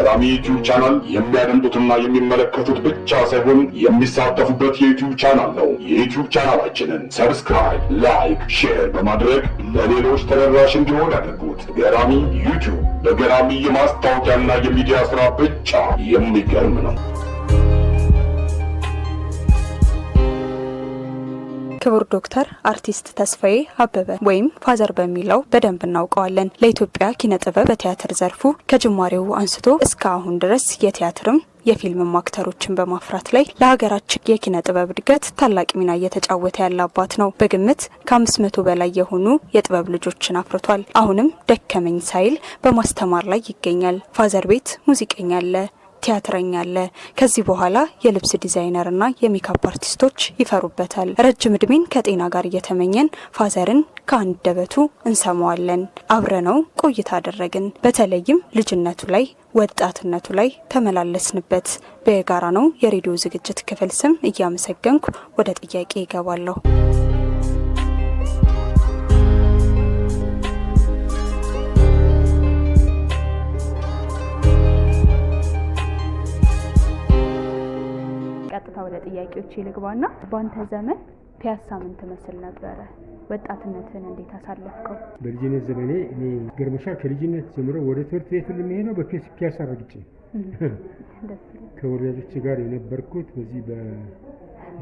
ገራሚ ዩቲዩብ ቻናል የሚያደምጡትና የሚመለከቱት ብቻ ሳይሆን የሚሳተፉበት የዩቲዩብ ቻናል ነው። የዩቲዩብ ቻናላችንን ሰብስክራይብ፣ ላይክ፣ ሼር በማድረግ ለሌሎች ተደራሽ እንዲሆን ያደርጉት። ገራሚ ዩቲዩብ በገራሚ የማስታወቂያና የሚዲያ ስራ ብቻ የሚገርም ነው። ክቡር ዶክተር አርቲስት ተስፋዬ አበበ ወይም ፋዘር በሚለው በደንብ እናውቀዋለን። ለኢትዮጵያ ኪነ ጥበብ በቲያትር ዘርፉ ከጅማሬው አንስቶ እስከ አሁን ድረስ የቲያትርም የፊልም አክተሮችን በማፍራት ላይ ለሀገራችን የኪነ ጥበብ እድገት ታላቅ ሚና እየተጫወተ ያለ አባት ነው። በግምት ከአምስት መቶ በላይ የሆኑ የጥበብ ልጆችን አፍርቷል። አሁንም ደከመኝ ሳይል በማስተማር ላይ ይገኛል። ፋዘር ቤት ሙዚቀኛ አለ ቲያትረኛ አለ። ከዚህ በኋላ የልብስ ዲዛይነርና የሜካፕ አርቲስቶች ይፈሩበታል። ረጅም እድሜን ከጤና ጋር እየተመኘን ፋዘርን ከአንድ ደበቱ እንሰማዋለን። አብረነው ቆይታ አደረግን። በተለይም ልጅነቱ ላይ ወጣትነቱ ላይ ተመላለስንበት። በጋራ ነው የሬዲዮ ዝግጅት ክፍል ስም እያመሰገንኩ ወደ ጥያቄ ይገባለሁ። ጥያቄዎች ልግባና በአንተ ዘመን ፒያሳ ምን ትመስል ነበረ? ወጣትነትን እንዴት አሳለፍከው? በልጅነት ዘመኔ እኔ ገርመሻ ከልጅነት ጀምሮ ወደ ትምህርት ቤት የሚሄደው በፒያሳ ረግጬ ከወላጆች ጋር የነበርኩት በዚህ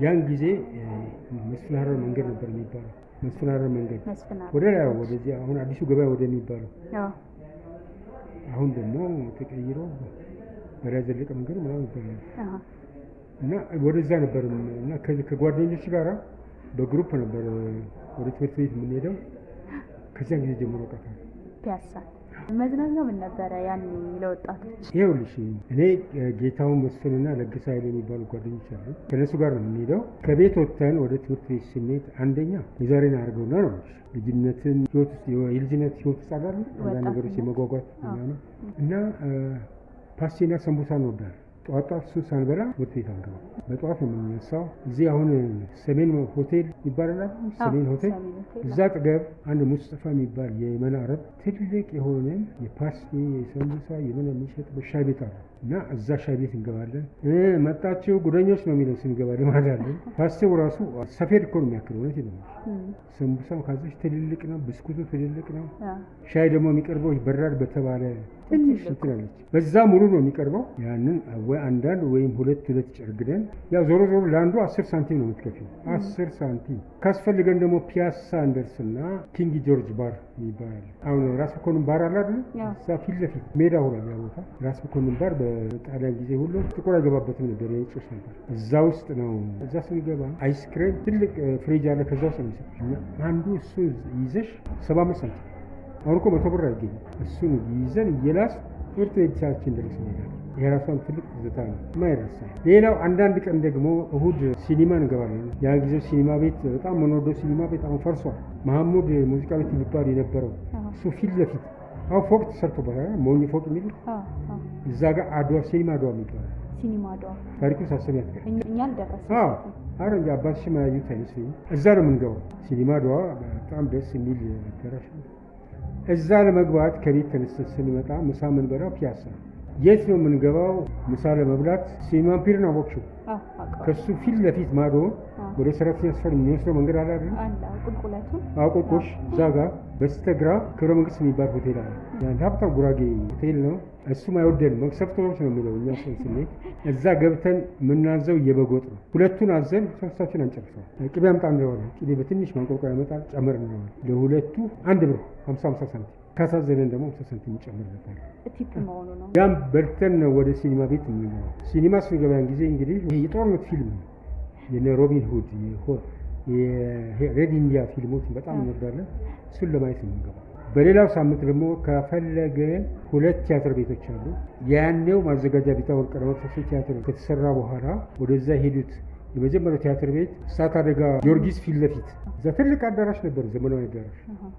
ያን ጊዜ መስፍን መንገድ ነበር የሚባለው። መስፍን መንገድ ወደ ላይ ወደዚህ አሁን አዲሱ ገበያ ወደሚባለው አሁን ደግሞ ተቀይሮ በላይ ዘለቀ መንገድ ምናምን ይባላል። እና ወደዛ ነበር እና ከጓደኞች ጋራ በግሩፕ ነበር ወደ ትምህርት ቤት የምንሄደው። ከዚያን ጊዜ ጀምሮ ቀታል ፒያሳ መዝናኛ ምን ነበረ ያን ለወጣቶች? ይኸውልሽ እኔ ጌታውን መስፍንና ለግሳ ኃይል የሚባሉ ጓደኞች አሉ። ከነሱ ጋር ነው የምንሄደው። ከቤት ወጥተን ወደ ትምህርት ቤት ስንሄድ አንደኛ የዛሬን አድርገውና ነው ልጅነትን የልጅነት ህይወት ውስጥ አንዳንድ ነገሮች የመጓጓት ነው እና ፓስቴና ሰንቡሳ እንወዳለን ጠዋት ጠዋት ሱስ ሳንበላ ወጥ ቤት አንገባ። በጠዋት ነው የምንነሳው። እዚህ አሁን ሰሜን ሆቴል ይባላል፣ ሰሜን ሆቴል እዛ ጥገብ አንድ ሙስጠፋ የሚባል የመን አረብ ትልቅ የሆነ የፓስቲ የሰንቡሳ የምን የሚሸጥ በሻይ ቤት አለ። እና እዛ ሻይ ቤት እንገባለን። መጣችሁ ጉደኞች ነው የሚለው ስንገባ ልማዳለን። ፓስቴው ራሱ ሰፌድ እኮ ነው የሚያክል እውነት ይለ ሰንቡሳም ካዘች ትልልቅ ነው፣ ብስኩቱ ትልልቅ ነው። ሻይ ደግሞ የሚቀርበው በራድ በተባለ ትንሽ ትላለች፣ በዛ ሙሉ ነው የሚቀርበው። ያንን ወይ አንዳንድ ወይም ሁለት ሁለት ጨርግደን፣ ያው ዞሮ ዞሮ ለአንዱ አስር ሳንቲም ነው የምትከፊው፣ አስር ሳንቲም ካስፈልገን ደግሞ ፒያሳ እንደርስና ኪንግ ጆርጅ ባር ይባላል። አሁን ራስ መኮንን ባር አለ አይደል? ፊት ለፊት ሜዳ ሁላ ያ ቦታ ራስ መኮንን ባር በጣሊያን ጊዜ ሁሉ ጥቁር አይገባበትም ነበር፣ የጭስ ነበር። እዛ ውስጥ ነው። እዛ ስንገባ አይስክሬም ትልቅ ፍሪጅ አለ። ከዛ ውስጥ ነው አንዱ እሱ ይዘሽ ሰባ አምስት ሳንቲም አሁን እኮ መቶ ብር አይገኝም። እሱን ይዘን እየላስ ትምህርት ቤት ቻችን ድረስ ይሄዳል። የራሷን ትልቅ ትዝታ ነው ማይረሳ። ሌላው አንዳንድ ቀን ደግሞ እሁድ ሲኒማ እንገባለን። ያ ጊዜ ሲኒማ ቤት በጣም የምንወደው ሲኒማ ቤት አሁን ፈርሷል። መሐሙድ ሙዚቃ ቤት የሚባል የነበረው እሱ ፊት ለፊት አሁን ፎቅ ተሰርቶበታል። ሞኝ ፎቅ የሚሉት እዛ ጋር አድዋ ሲኒማ ድዋ የሚባለው ሲኒማ አድዋ ታሪኩ ሳሰሚያ ትገ እኛ አረ እንጂ አባትሽ ማያዩት እዛ ነው የምንገባው። ሲኒማ ድዋ በጣም ደስ የሚል አዳራሽ ነው። እዛ ለመግባት ከቤት ተነስተን ስንመጣ ምሳ የምንበላው ፒያሳ የት ነው የምንገባው? ምሳ ለመብላት ሲኒማ ኢምፒሪን አወቅሽው? ከሱ ፊት ለፊት ማዶ ወደ ሰረፍ ተስፈር የሚወስደው መንገድ አለ አይደል? እዛ ጋ በስተግራ ክብረ መንግስት የሚባል ሆቴል አለ። ሀብታም ጉራጌ ሆቴል ነው። እሱም አይወደን መቅሰፍት ነው የሚለው እኛ ሰው እዛ ገብተን የምናዘው እየበጎጥ ነው። ሁለቱን አዘን ሶስታችን አንጨርሰዋል። ቅቤ አምጣ እንለዋለን። ቅቤ በትንሽ ማንቆርቆሪያ ያመጣል። ጨምር እንለዋለን። ለሁለቱ አንድ ብር ሀምሳ ሀምሳ ሳንቲም ካሳዘነን ደግሞ ሀምሳ ሳንቲም ይጨምርበታል። ያም በልተን ነው ወደ ሲኒማ ቤት የምንገባው። ሲኒማ ስንገባያን ጊዜ እንግዲህ የጦርነት ፊልም ነው ሮቢን ሁድ የሬድ ኢንዲያ ፊልሞችን በጣም እንወዳለን። እሱን ለማየት ነው የምንገባው። በሌላው ሳምንት ደግሞ ከፈለገ ሁለት ቲያትር ቤቶች አሉ። ያኔው ማዘጋጃ ቤት አሁን ቲያትር ከተሰራ በኋላ ወደዛ ሄዱት። የመጀመሪያው ቲያትር ቤት እሳት አደጋ ጊዮርጊስ ፊት ለፊት እዛ ትልቅ አዳራሽ ነበር፣ ዘመናዊ አዳራሽ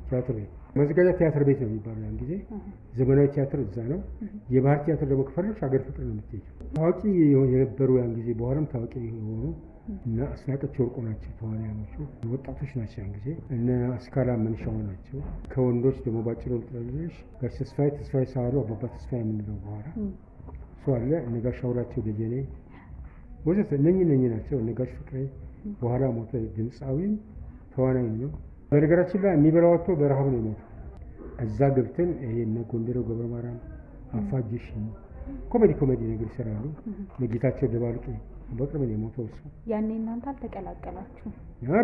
ቲያትር ቤት ማዘጋጃ ቲያትር ቤት ነው የሚባለው ያን ጊዜ። ዘመናዊ ቲያትር እዛ ነው። የባህል ቲያትር ደግሞ ከፈለግሽ ሀገር ፍቅር ነው የምትሄጂው። ታዋቂ የነበሩ ያን ጊዜ በኋላም ታዋቂ የሆኑ እና አስናቀች ወርቁ ናቸው ተዋንያኖቹ። ወጣቶች ናቸው ያን ጊዜ እነ አስካላ መንሻው ናቸው። ከወንዶች ደግሞ ባጭሮ ልጥረልሽ ጋሽ ተስፋዬ ተስፋዬ ሳሉ አባባ ተስፋዬ የምንለው በኋላ እሱ አለ። እነ ጋሽ አውላቸው ደጀኔ ወዘተ እነኝ ነኝ ናቸው። እነ ጋሽ ፍቅሬ በኋላ ሞተ። ድምፃዊም ተዋናይም ነው። በነገራችን ላይ የሚበላው አጥቶ በረሃብ ነው የሞተው። እዛ ገብተን ይሄ እነ ጎንደሬው ገብረ ማርያም አፋጅሽ ኮሜዲ ኮሜዲ ነገር ይሰራሉ። መጌታቸው ደባልቄ በቅርብ ነው የሞተው እሱ። ያኔ እናንተ አልተቀላቀላችሁ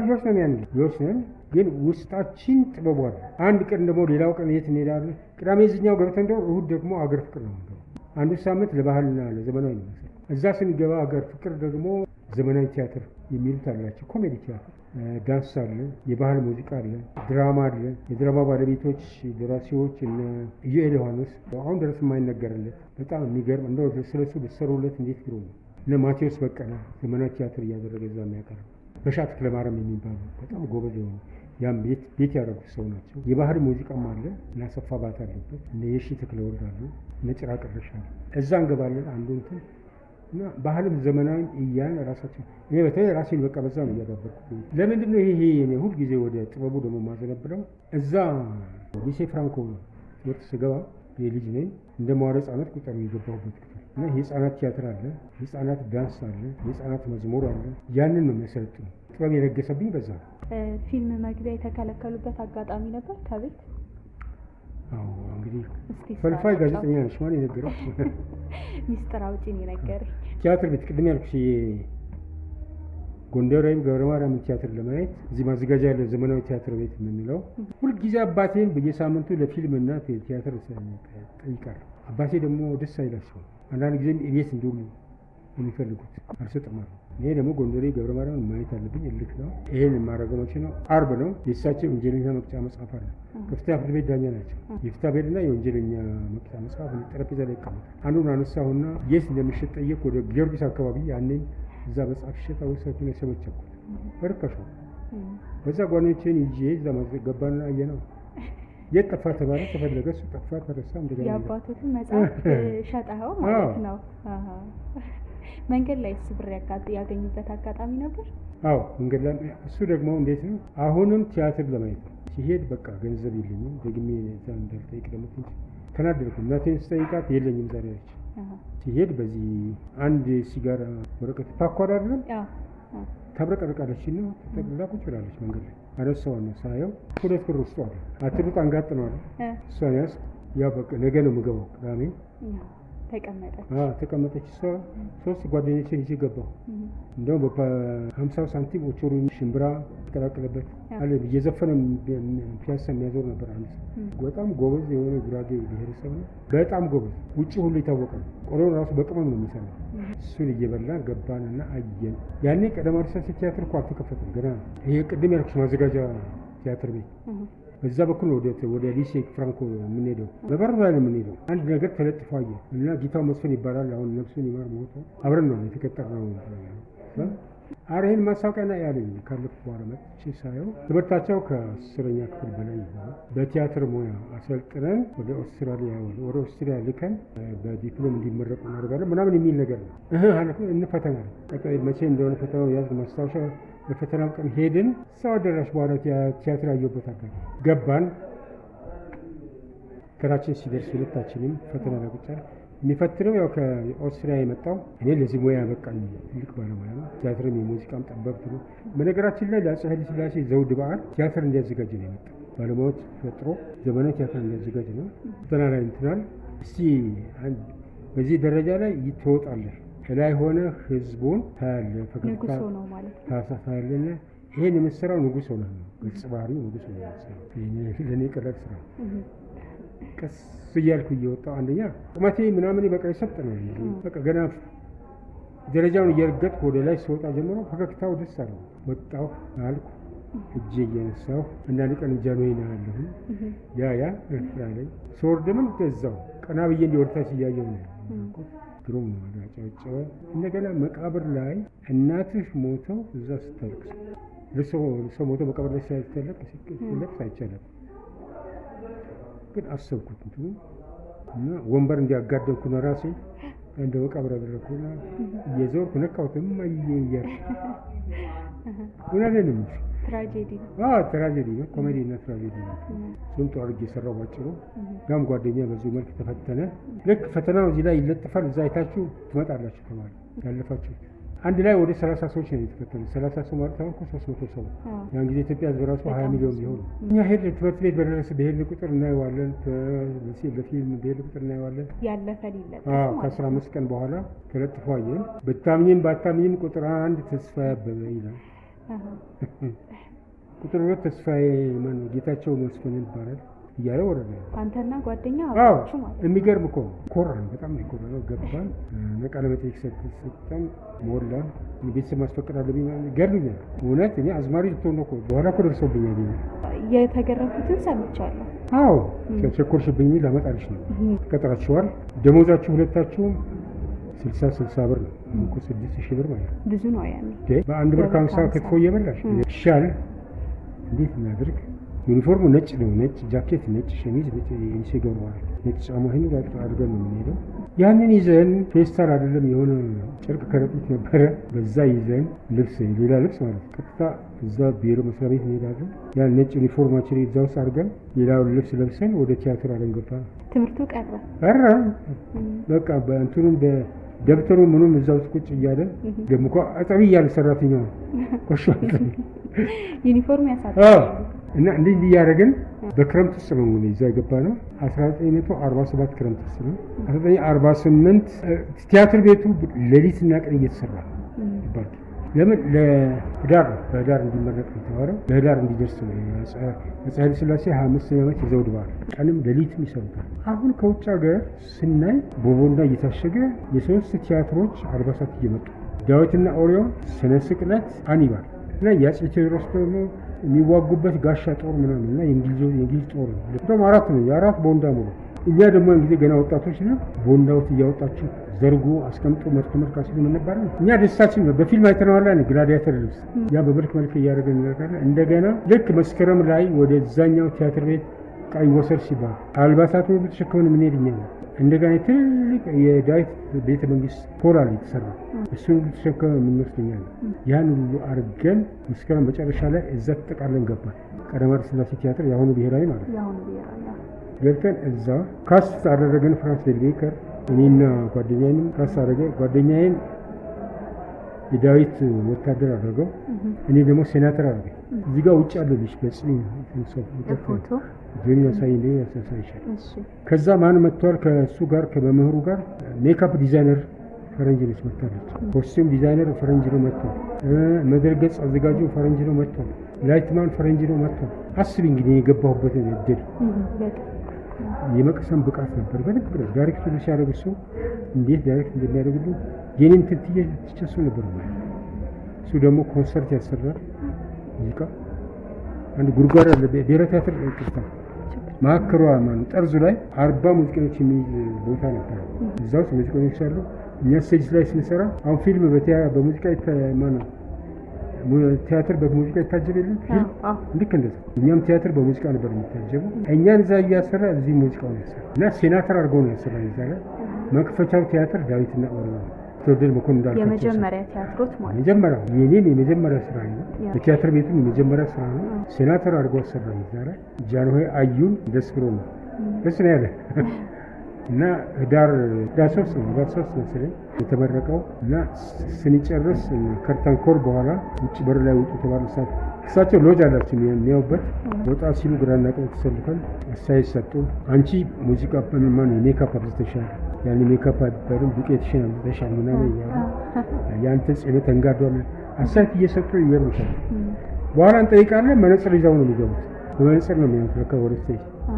ልጆች ነን፣ ያን ልጆች ነን፣ ግን ውስጣችን ጥበቡ አለ። አንድ ቀን ደግሞ ሌላው ቀን የት እንሄዳለን? ቅዳሜ እዚኛው ገብተን እንደው እሁድ ደግሞ አገር ፍቅር ነው። አንዱ ሳምንት ለባህልና ለዘመናዊ ይመስል እዛ ስንገባ አገር ፍቅር ደግሞ ዘመናዊ ቲያትር የሚሉት አላቸው። ኮሜዲ ቲያትር፣ ዳንስ አለ፣ የባህል ሙዚቃ አለ፣ ድራማ አለ። የድራማ ባለቤቶች ደራሲዎች እነ ኢዩኤል ዮሐንስ አሁን ድረስ የማይነገርለት በጣም የሚገርም እንደ ስለሱ በሰሩለት እንዴት ግሩ ነው። እነ ማቴዎስ በቀለ ዘመናዊ ቲያትር እያደረገ እዛ የሚያቀርብ በሻት ክለማረም የሚባሉ በጣም ጎበዝ የሆኑ ያም ቤት ቤት ያደረጉት ሰው ናቸው። የባህል ሙዚቃም አለ እና ሰፋ ባት አለበት እነ የሺ ተክለወልድ አሉ፣ እነ ጭራ ቅረሻ እዛ እንገባለን አንዱ እንትን እና ባህልም ዘመናዊም እያን ራሳችን እኔ በተለይ ራሴን በቃ በዛ ነው እያዳበርኩት። ለምንድን ነው ይሄ እኔ ሁልጊዜ ወደ ጥበቡ ደግሞ ማዘነብለው? እዛ ሊሴ ፍራንኮ ትምህርት ስገባ የልጅ ነኝ እንደ መዋለ ህጻናት ቁጠር የገባሁበት ክፍል እና የህፃናት ቲያትር አለ፣ የህፃናት ዳንስ አለ፣ የህፃናት መዝሙር አለ። ያንን ነው የሚያሰለጥ ጥበብ የነገሰብኝ በዛ ነው። ፊልም መግቢያ የተከለከሉበት አጋጣሚ ነበር ከቤት ፈልፋይ ጋዜጠኛ ነች። ማን የነገረው? ሚስጥር አውጪ ቲያትር ቤት ቅድም ያልኩሽ ጎንደር ወይም ገብረ ማርያም ቲያትር ለማየት እዚህ ማዘጋጃ ያለው ዘመናዊ ቲያትር ቤት የምንለው ሁልጊዜ አባቴን በየሳምንቱ ለፊልምና ቲያትር ጠይቃለሁ። አባቴ ደግሞ ደስ አይላቸውም። አንዳንድ ጊዜም ቤት እንዲሁም የሚፈልጉት አልሰጥም አሉ ይሄ ደግሞ ጎንደሬ ገብረ ማርያም ማየት አለብኝ እልክ ነው። ይሄን የማደርገው መቼ ነው? አርብ ነው። የእሳቸው የወንጀለኛ መቅጫ መጽሐፍ አለ። ከፍተኛ ፍርድ ቤት ዳኛ ናቸው። የፍትሐ ብሔርና የወንጀለኛ መቅጫ መጽሐፍ ጠረጴዛ ላይ ይቀመጣል። አንዱን አነሳሁና የት እንደሚሸጥ ጠየቅ። ወደ ጊዮርጊስ አካባቢ ያኔን እዛ መጽሐፍ ሸጣ ወሳቱ ነው የሰበቸኩ በርካሽ በዛ ጓደኞቼን ይዤ እዛ ገባና አየ ነው የት ጠፋ ተባለ። ተፈለገ እሱ ጠፋ ተረሳ። እንደገና የአባቶትን መጽሐፍ ሸጠኸው ማለት ነው። መንገድ ላይ ስብር ያገኙበት አጋጣሚ ነበር? አዎ መንገድ ላይ እሱ ደግሞ እንዴት ነው? አሁንም ቲያትር ለማየት ነው ሲሄድ፣ በቃ ገንዘብ የለኝም ደግሜ ዛ እንዳልጠይቅ ደግሞ ተናደድኩ። እናቴን ስጠይቃት የለኝም ዛሬ ያለች ሲሄድ፣ በዚህ አንድ ሲጋራ ወረቀት ፓኳድ አይደለም ታብረቀርቃለች እና ተጠቅልላ ቁጭ ብላለች መንገድ ላይ ነው ሳየው ሁለት ብር ውስጡ አለ። አትሩጥ አንጋጥ ነው አለ። እሷን ያስ ያው በቃ ነገ ነው የምገባው ቅዳሜ ተቀመጠች ሶስት ጓደኞች ይዤ ገባሁ። እንደውም በሀምሳው ሳንቲም ኦቾሮ ሽምብራ ተቀላቀለበት አለ እየዘፈነ ፒያሳ የሚያዞር ነበር። አንድ በጣም ጎበዝ የሆነ ጉራጌ ብሔረሰብ ነው። በጣም ጎበዝ፣ ውጭ ሁሉ የታወቀ ነው። ቆሎ ራሱ በቅመም ነው የሚሰራ። እሱን እየበላን ገባንና አየን። ያኔ ቀደም አርሳሴ ቲያትር እኮ አልተከፈተም ገና። ይሄ ቅድም ያልኩሽ ማዘጋጃ ቲያትር ቤት በዛ በኩል ወደ ሊሴ ፍራንኮ የምንሄደው በበር ላይ ነው የምንሄደው። አንድ ነገር ተለጥፎ አየ እና ጌታው መስፍን ይባላል። አሁን ነፍሱን ይማር ሞቶ አብረን ነው የተቀጠርነው። አረ ይህን ና ያለኝ ካለፍኩ በኋላ መጥቼ ሳየው ትምህርታቸው ከአስረኛ ክፍል በላይ ይሆናል። በቲያትር ሙያ አሰልጥነን ወደ ኦስትራሊያ ወደ ኦስትሪያ ልከን በዲፕሎም እንዲመረቁ እናደርጋለን ምናምን የሚል ነገር ነው እንፈተናል። መቼ እንደሆነ ፈተናው ያዝ ማስታወሻ በፈተናው ቀን ሄድን። ሰው አዳራሽ በኋላ ቲያትር አየሁበት አጋጣሚ ገባን። ተራችን ሲደርስ ሁለታችንም ፈተና ለቁጫል የሚፈትነው ያው ከኦስትሪያ የመጣው እኔ ለዚህ ሙያ ያበቃኝ ትልቅ ባለሙያ ነው። ቲያትርም የሙዚቃም ጠበብት ነው። በነገራችን ላይ ለአፄ ኃይለ ሥላሴ ዘውድ በዓል ቲያትር እንዲያዘጋጅ ነው የመጣው ባለሙያዎች ፈጥሮ ዘመናዊ ቲያትር እንዲያዘጋጅ ነው። ፈተና ላይ እንትናል እስቲ በዚህ ደረጃ ላይ ትወጣለህ ከላይ ሆነ ህዝቡን ታያለ ታሳሳያለና ይሄን የምትሰራው ንጉሥ ሆነ ነው። ግልጽ ባህሪው ንጉሥ ሆነ ለእኔ ቅረት ስራ ቀስ እያልኩ እየወጣሁ አንደኛ ቁመቴ ምናምን በቃ ይሰጥ ነው። በቃ ገና ደረጃውን እየረገጥኩ ወደ ላይ ስወጣ ጀምሮ ፈገግታው ደስ አለ። ወጣሁ አልኩ እጅ እየነሳሁ አንዳንድ ቀን እንጃኖ ናያለሁ ያ ያ ኤርትራ ላይ ስወርድምን ገዛው ቀና ብዬ እንዲወርታች እያየሁ ነው ግሩም ነው። አጫጨው እንደገና መቃብር ላይ እናትህ ሞተው እዛ ስታልቅስ ሰው ሞተው መቃብር ላይ ሲያስተለቅ አይቻልም። ግን አሰብኩት እንትኑ እና ወንበር እንዲያጋደልኩ ነው ራሴ እንደ መቃብር አደረግኩና እየዞርኩ ነካሁት። እማዬ እያልኩ እውነቴን ነው። ትራጀዲ ነው። ትራጀዲ ነው። ኮሜዲ እና ትራጀዲ ነው። ስም ጥሩ አድርጌ የሰራው ባጭሩ። ጋም ጓደኛ በዚሁ መልክ ተፈተነ። ልክ ፈተናው እዚህ ላይ ይለጥፋል። እዛ አይታችሁ ትመጣላችሁ። ተማሪ ያለፋችሁ አንድ ላይ ወደ ሰላሳ ሰዎች ነው የተፈተኑ። ሰላሳ ሰው ማለት አሁን ሶስት መቶ ሰው ያን ጊዜ ኢትዮጵያ ሕዝብ ራሱ ሀያ ሚሊዮን ቢሆን እኛ ሄድ ትምህርት ቤት በደረስ በሄድ ቁጥር እናየዋለን። በፊልም በሄድ ቁጥር እናየዋለን። ከአስራ አምስት ቀን በኋላ ተለጥፎ አየን። ብታምኝም ባታምኝም ቁጥር አንድ ተስፋዬ አበበ ይላል። ቁጥር ሁለት ተስፋዬ ማን ጌታቸው መስፍን ይባላል እያለ ወረደ። አንተና ጓደኛ የሚገርም እኮ ኮራን፣ በጣም ኮራ ገባን። ነቃ ለመጠየቅ ሰጠን ሞላን። ቤተሰብ ማስፈቀዳለ አለብኝ እውነት እኔ አዝማሪ ልትሆን ነው። በኋላ እኮ ደርሰውብኛል። የተገረፉትን ሰምቻለሁ። አዎ ቸኮልሽብኝ ላመጣልሽ ነው። ተቀጥራችኋል። ደሞዛችሁ ሁለታችሁም ስልሳ ስልሳ ብር ነው እኮ ስድስት ሺህ ብር ማለት ነው። ብዙ ነው ያኔ። በአንድ ብር ከሀምሳ ክትፎ እየበላሽ ይሻል። እንዴት እናድርግ? ዩኒፎርሙ ነጭ ነው። ነጭ ጃኬት፣ ነጭ ሸሚዝ፣ ነጭ ገባዋል፣ ነጭ ጫማ ይህን አድርገን ነው የምንሄደው። ያንን ይዘን ፌስታል አይደለም የሆነ ጨርቅ ከረጢት ነበረ። በዛ ይዘን ልብስ፣ ሌላ ልብስ ማለት ቀጥታ እዛ ቢሮ መስሪያ ቤት እንሄዳለን። ያ ነጭ ዩኒፎርማችን እዛ ውስጥ አድርገን ሌላውን ልብስ ለብሰን ወደ ቲያትር አለን ገባ። ትምህርቱ ቀረ ቀረ በቃ በእንትኑም ደብተሩ ምኑም እዛ ውስጥ ቁጭ እያለ ደግሞ እኮ አጠቢ እያለ ሰራተኛው ነው ቆሾ ዩኒፎርም ያሳጣ እና እንዲህ እያደረግን በክረምት ውስጥ ነው እንግዲህ እዛ የገባ ነው 1947 ክረምት ውስጥ ነው 1948 ቲያትር ቤቱ ሌሊትና ቀን እየተሰራ ነው ለምን ለህዳር ነው በህዳር እንዲመረቅ የተባለው ለህዳር እንዲደርስ ነው። አፄ ኃይለ ሀያ አምስተኛ ዓመት ይዘውድ በዓል ቀንም ሌሊትም ይሰሩታል። አሁን ከውጭ ሀገር ስናይ በቦንዳ እየታሸገ የሶስት ቲያትሮች አልባሳት እየመጡ ዳዊትና ኦሪዮን፣ ስነ ስቅለት፣ አኒባል እና የአፄ ቴዎድሮስ ደግሞ የሚዋጉበት ጋሻ ጦር ምናምን እና የእንግሊዝ ጦር ነው። አራት ነው የአራት ቦንዳ ሙሉ እኛ ደግሞ ጊዜ ገና ወጣቶች ነው ቦንዳዎት እያወጣችሁ ዘርጉ አስቀምጦ መጥቶ መልክ ሲሉ ምንባለ እኛ ደስታችን በፊልም አይተነዋላ ግላዲያተር ልብስ ያ በመልክ መልክ እያደረገ ሚረጋለ እንደገና ልክ መስከረም ላይ ወደ ዛኛው ቲያትር ቤት ቀይ ወሰድ ሲባል አልባሳት ሁሉ ተሸክመን የምንሄድ እኛ ነው። እንደገና ትልቅ የዳዊት ቤተ መንግስት ፖላል የተሰራ እሱ ሁሉ ተሸክመን የምንወስድ እኛ ነው። ያን ሁሉ አድርገን መስከረም መጨረሻ ላይ እዛ ተጠቃለን ገባል። ቀዳማዊ ኃይለ ሥላሴ ቲያትር የአሁኑ ብሔራዊ ማለት ነው። ገብተን እዛ ካስት አደረገን ፍራንስ ቤልቤከር እኔና ጓደኛዬንም ራስ አደረገ። ጓደኛዬን የዳዊት ወታደር አደረገው፣ እኔ ደግሞ ሴናተር አደረገ። እዚህ ጋር ውጭ አለ ልጅ በጽም ያሳይ ከዛ ማን መጥቷል? ከእሱ ጋር ከመምህሩ ጋር ሜካፕ ዲዛይነር ፈረንጅ ነች መታለች። ኮስቲም ዲዛይነር ፈረንጅ ነው መጥቷል። መድረገጽ አዘጋጁ ፈረንጅ ነው መጥቷል። ላይትማን ፈረንጅ ነው መጥቷል። አስቢ እንግዲህ የገባሁበት እድል የመቅሰም ብቃት ነበር። በልክ ብለው ዳይሬክት ሲያደርግ እሱ እንዴት ዳይሬክት እንደሚያደርግልኝ የኔን ትትዬ ትቸሱ ነበር። እሱ ደግሞ ኮንሰርት ያሰራል ሙዚቃ አንድ ጉድጓድ አለ ብሔራዊ ቲያትር ቅርታ መካከሏ ማ ጠርዙ ላይ አርባ ሙዚቀኞች የሚይዝ ቦታ ነበር። እዛ ውስጥ ሙዚቀኞች አሉ። እኛ ስቴጅ ላይ ስንሰራ አሁን ፊልም በሙዚቃ ማ ነው ቲያትር በሙዚቃ ይታጀብ የለ ፊልም ልክ እንደዛ እኛም ቲያትር በሙዚቃ ነበር የሚታጀቡ። እኛን እዛ እያሰራ እዚህ ሙዚቃ ያሰራ እና ሴናተር አድርገው ነው ያሰራ ይዛለ መክፈቻው ቲያትር ዳዊትና ኦሮማ ተወደድ መኮንን እንዳልኩት የመጀመሪያ ቲያትሮት ማለት መጀመሪያ የኔም የመጀመሪያ ስራ ነው። የቲያትር ቤቱም የመጀመሪያ ስራ ነው። ሴናተር አድርጎ አሰራ ይዛለ ጃንሆይ አዩን ደስ ብሎ ነው ደስ ነው ያለ እና ህዳር ህዳር ሶስት ነው ህዳር ሶስት መሰለኝ የተመረቀው እና ስንጨርስ ከርታንኮር በኋላ ውጭ በር ላይ ውጡ ተባሉ። እሳቸው ሎጅ አላቸው የሚያዩበት። ወጣ ሲሉ ግራና ቀኝ ተሰልፈን አስተያየት ሰጡ። አንቺ ሙዚቃ በንማ የሜካፕ ሜካፕ አብዝተሻል፣ ያን ሜካፕ አይባልም ዱቄትሽን አብዝተሻል ምናምን እያሉ የአንተ ጽዕነት ተንጋዷል አስተያየት እየሰጡ ይገርምሻል። በኋላ እንጠይቃለን መነጽር ይዘው ነው የሚገቡት በመነጽር ነው የሚያመለከው ወደ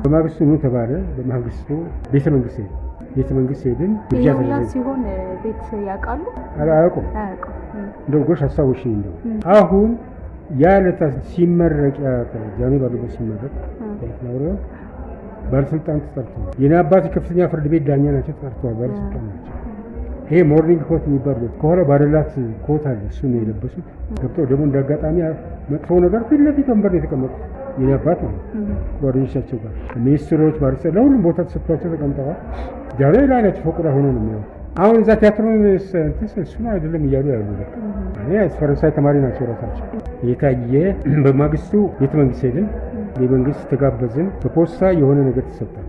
በማግስቱ ኑ ተባለ። በማግስቱ ቤተ መንግስት ሄድ ቤተ መንግስት ሄድን። ሲሆን ቤት ያውቃሉ አያውቁም? እንደው ጎሽ ሀሳቦች እንደው አሁን ያ ያለታ ሲመረቅ ጃኑ ባሉበት ሲመረቅ ባለስልጣን ተጠርተዋል። አባት ከፍተኛ ፍርድ ቤት ዳኛ ናቸው ተጠርተዋል። ባለስልጣን ናቸው። ይሄ ሞርኒንግ ኮት የሚባል ከኋላ ባደላት ኮት አለ። እሱ ነው የለበሱት። ገብተው ደግሞ እንዳጋጣሚ መጥፎ ነገር ፊት ለፊት ወንበር ነው የተቀመጡት። ይነፋት አባት ነው ጓደኞቻቸው ጋር ሚኒስትሮች ባሪስ ለሁሉም ቦታ ተሰጥቷቸው ተቀምጠዋል። ጃሎ ላይ ናቸው ሆኖ ነው የሚያው አሁን እዛ ቲያትሩን እሱ አይደለም እያሉ ያሉ እኔ ፈረንሳይ ተማሪ ናቸው ራሳቸው። የታየ በማግስቱ ቤተ መንግስት ሄድን። የመንግስት ተጋበዝን። በፖስታ የሆነ ነገር ተሰጠን።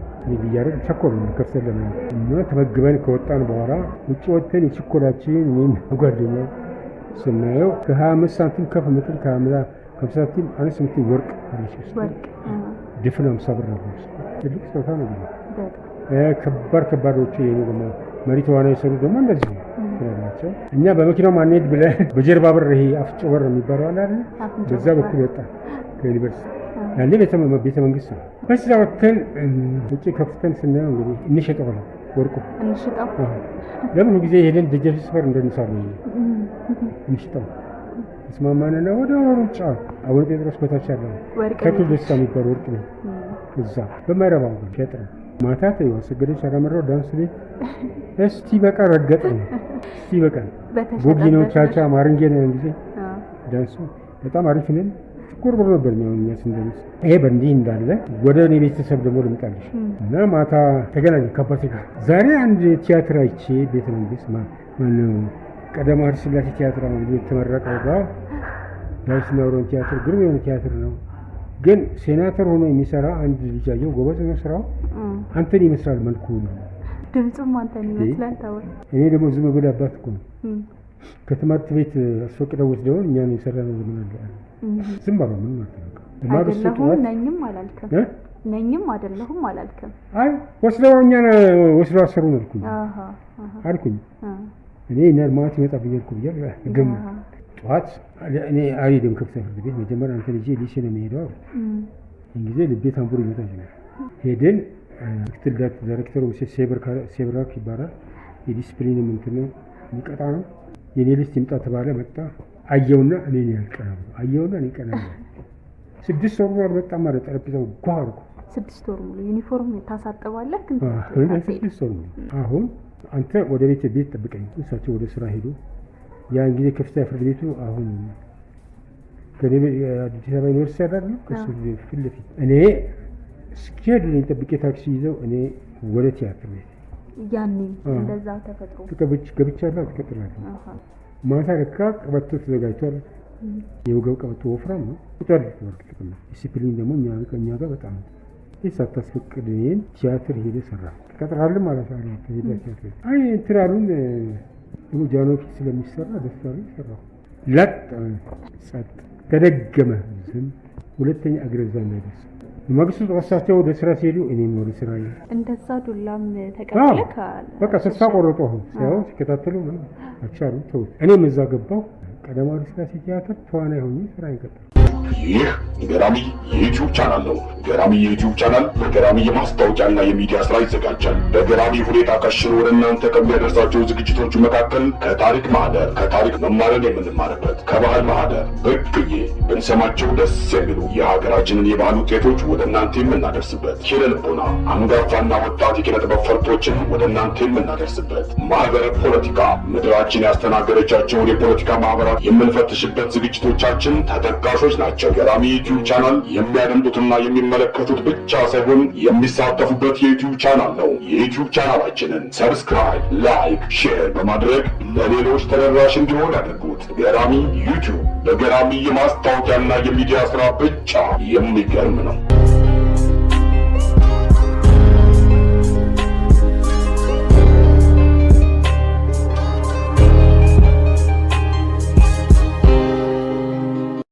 እያደረግ ቸኮሉ ከፍተ ለምን እና ተመግበን ከወጣን በኋላ ውጭ ወጥተን የችኮላችን ጓደኛ ስናየው ከሀያ አምስት ሳንቲም ከፍ ምጥል ከሀምላ 50 ሳንቲም አንድ ወርቅ አለች ውስጥ ድፍን አምሳ ብር ነበር ውስጥ ትልቅ ስጦታ ነው። ከባድ ከባዶቹ የኔ ደግሞ መሪ ተዋና የሰሩ ደግሞ እንደዚህ ነው ናቸው። እኛ በመኪናው ማንሄድ ብለ በጀርባ በር ይሄ አፍጮ በር የሚባለው አለ አይደል? በዛ በኩል ወጣ ከዩኒቨርሲቲ ያለ ቤተ መንግስት ነው። በዛ ወጥተን ውጭ ከፍተን ስናየው እንግዲህ ነው ወርቁ ለምን ጊዜ ሄደን ደጀ ስበር እንደንሳለ እንሽጠው ተስማማንና ወደ ሩጫ አቡነ ጴጥሮስ በታች ያለው ከቱ ደስታ የሚባል ወርቅ ነው። እዛ በማይረባው ሸጥ ነው። ማታ ተይዋ ሰገደች አረመረው ዳንስ ቤት እስቲ በቃ ረገጠ ነው። እስቲ በቃ ቦጊ ነው ቻቻ ማርንጌ ነው ጊዜ ዳንሱ በጣም አሪፍ ነን። ጥቁር ብሎ ነበር የሚያስ እንደሚስ ይሄ በእንዲህ እንዳለ ወደ እኔ ቤተሰብ ደግሞ ልምጣልሽ እና ማታ ተገናኘ ከአባቴ ጋር ዛሬ አንድ ቲያትር አይቼ ቤተ መንግስት ማነው ቀደም ኃይለ ሥላሴ ቲያትር ነው የተመረቀው ጋር ዳዊት ቲያትር ግሩም የሆነ ቲያትር ነው። ግን ሴናተር ሆኖ የሚሰራ አንድ ልጅ አየሁ። ጎበዝ ነው ስራው። አንተን ይመስላል መልኩ ነው፣ ድምፁም አንተን ይመስላል። ታወቅ እኔ ደግሞ ዝም ብሎ አባት እኮ ነው። ከትምህርት ቤት አስፈቅደው ወስደውን እኛን የሰራ ነው። ዝም ብሎ ዝም ባለ ምን ማለት ነው? አይደለሁም ነኝም አላልክም ነኝም አይደለሁም አላልክም። አይ ወስደው እኛን ወስደው አሰሩን አልኩኝ አልኩኝ እኔ ነርማት ይመጣ ይመጣል ብዬ ግም ጠዋት እኔ አልሄድም ከፍተኛ ፍርድ ቤት መጀመሪያ አንተ ልጄ ሊሴ ነው የሚሄደው ይህን ጊዜ ልቤ ታንቡር ይመጣ ይችላል ሄድን ምክትል ዳይሬክተሩ ሴብራክ ይባላል የዲስፕሊን ምንት ነው የሚቀጣ ነው የኔ ልጅ ይምጣ ተባለ መጣ አየውና እኔ ነው ያልቀና አየውና እኔ ቀና ስድስት ወር ማር በጣም ማለት ጠረጴዛ ጓርኩ ስድስት ወር ሙሉ ዩኒፎርም ታሳጥባለህ ግን ስድስት ወር ሙሉ አሁን አንተ ወደ ቤት ቤት ጠብቀኝ፣ እሳቸው ወደ ስራ ሄዱ። ያን ጊዜ ከፍተኛ ፍርድ ቤቱ አሁን አዲስ አበባ ዩኒቨርሲቲ ያዳር ነው ከሱ ፊት ለፊት እኔ እስኪሄዱ ጠብቄ ታክሲ ይዘው እኔ ወደ ቲያትር ቤት ያኔ እንደዛ ተፈጥሮ ገብቻለሁ። ትቀጥላለህ ማታ ለካ ቀበቶ ተዘጋጅቷል። የወገብ ቀበቶ ወፍራም ነው። ቁጠር ዲሲፕሊን ደግሞ እኛ ጋር በጣም ሳታስፈቅድን ቲያትር ሄደ ሰራ ይቀጥራሉ ማለት አለ ሄደ ቲያትር አይ ትራሉን ደግሞ ጃኖ ስለሚሰራ ደስታ ይሰራ ለጥ ጸጥ ተደገመ። ዝም ሁለተኛ እግረዛ ማይደርስ መንግስቱ ጠቀሳቸው ወደ ስራ ሲሄዱ እኔም ወደ ስራ እንደዛ ዱላም ተቀበለ። በቃ ተስፋ ቆረጡ። አሁን ሲያው ሲከታተሉ አልቻሉ ተውት። እኔም እዛ ገባሁ። ቀደማዊ ስላሴ ቲያትር ተዋናይ ሆኜ ስራ ይቀጥል ይህ ገራሚ የዩቲዩብ ቻናል ነው። ገራሚ የዩቲዩብ ቻናል በገራሚ የማስታወቂያና የሚዲያ ስራ ይዘጋጃል። በገራሚ ሁኔታ ቀሽሎ ወደ እናንተ ከሚያደርሳቸው ዝግጅቶቹ መካከል ከታሪክ ማህደር፣ ከታሪክ መማርን የምንማርበት፣ ከባህል ማህደር፣ ብቅዬ ብንሰማቸው ደስ የሚሉ የሀገራችንን የባህል ውጤቶች ወደ እናንተ የምናደርስበት፣ ኪነ ልቦና አንጋፋና ወጣት የኪነ ጥበብ ፈርጦችን ወደ እናንተ የምናደርስበት፣ ማህበረ ፖለቲካ ምድራችን ያስተናገደቻቸውን የፖለቲካ ማህበራት የምንፈትሽበት ዝግጅቶቻችን ተጠቃሾች ናቸው። ናቸው። ገራሚ ዩቲዩብ ቻናል የሚያደምጡትና የሚመለከቱት ብቻ ሳይሆን የሚሳተፉበት የዩቲዩብ ቻናል ነው። የዩቲዩብ ቻናላችንን ሰብስክራይብ፣ ላይክ፣ ሼር በማድረግ ለሌሎች ተደራሽ እንዲሆን ያደርጉት። ገራሚ ዩቲዩብ በገራሚ የማስታወቂያና የሚዲያ ስራ ብቻ የሚገርም ነው።